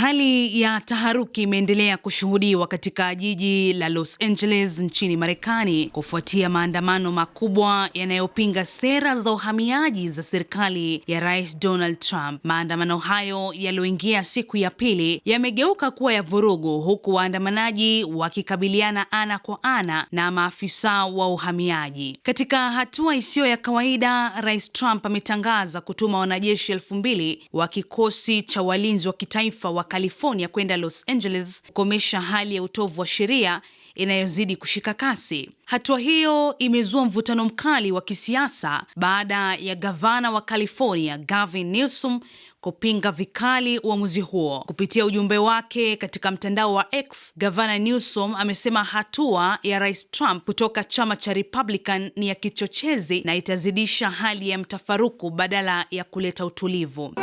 Hali ya taharuki imeendelea kushuhudiwa katika jiji la Los Angeles nchini Marekani kufuatia maandamano makubwa yanayopinga sera za uhamiaji za serikali ya Rais Donald Trump. Maandamano hayo yaliyoingia siku ya pili yamegeuka kuwa ya vurugu, huku waandamanaji wakikabiliana ana kwa ana na maafisa wa uhamiaji. Katika hatua isiyo ya kawaida, Rais Trump ametangaza kutuma wanajeshi elfu mbili wa kikosi cha walinzi wa kitaifa wa California kwenda Los Angeles kukomesha hali ya utovu wa sheria inayozidi kushika kasi. Hatua hiyo imezua mvutano mkali wa kisiasa baada ya gavana wa California Gavin Newsom kupinga vikali uamuzi huo. Kupitia ujumbe wake katika mtandao wa X, gavana Newsom amesema hatua ya rais Trump kutoka chama cha Republican ni ya kichochezi na itazidisha hali ya mtafaruku badala ya kuleta utulivu.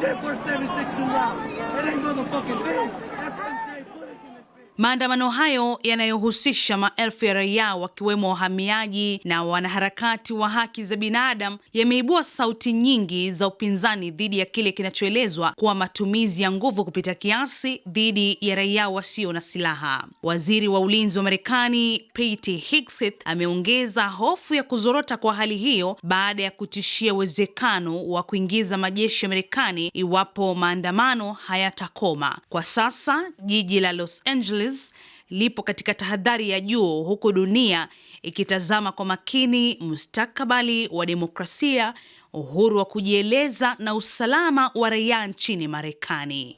shit for 76 too It ain't fucking big. Maandamano hayo yanayohusisha maelfu ya raia wakiwemo wahamiaji na wanaharakati wa haki za binadamu yameibua sauti nyingi za upinzani dhidi ya kile kinachoelezwa kuwa matumizi ya nguvu kupita kiasi dhidi ya raia wasio na silaha. Waziri wa Ulinzi wa Marekani Pete Hegseth ameongeza hofu ya kuzorota kwa hali hiyo baada ya kutishia uwezekano wa kuingiza majeshi ya Marekani iwapo maandamano hayatakoma. Kwa sasa jiji la Los Angeles Causes lipo katika tahadhari ya juu huku dunia ikitazama kwa makini mustakabali wa demokrasia, uhuru wa kujieleza na usalama wa raia nchini Marekani.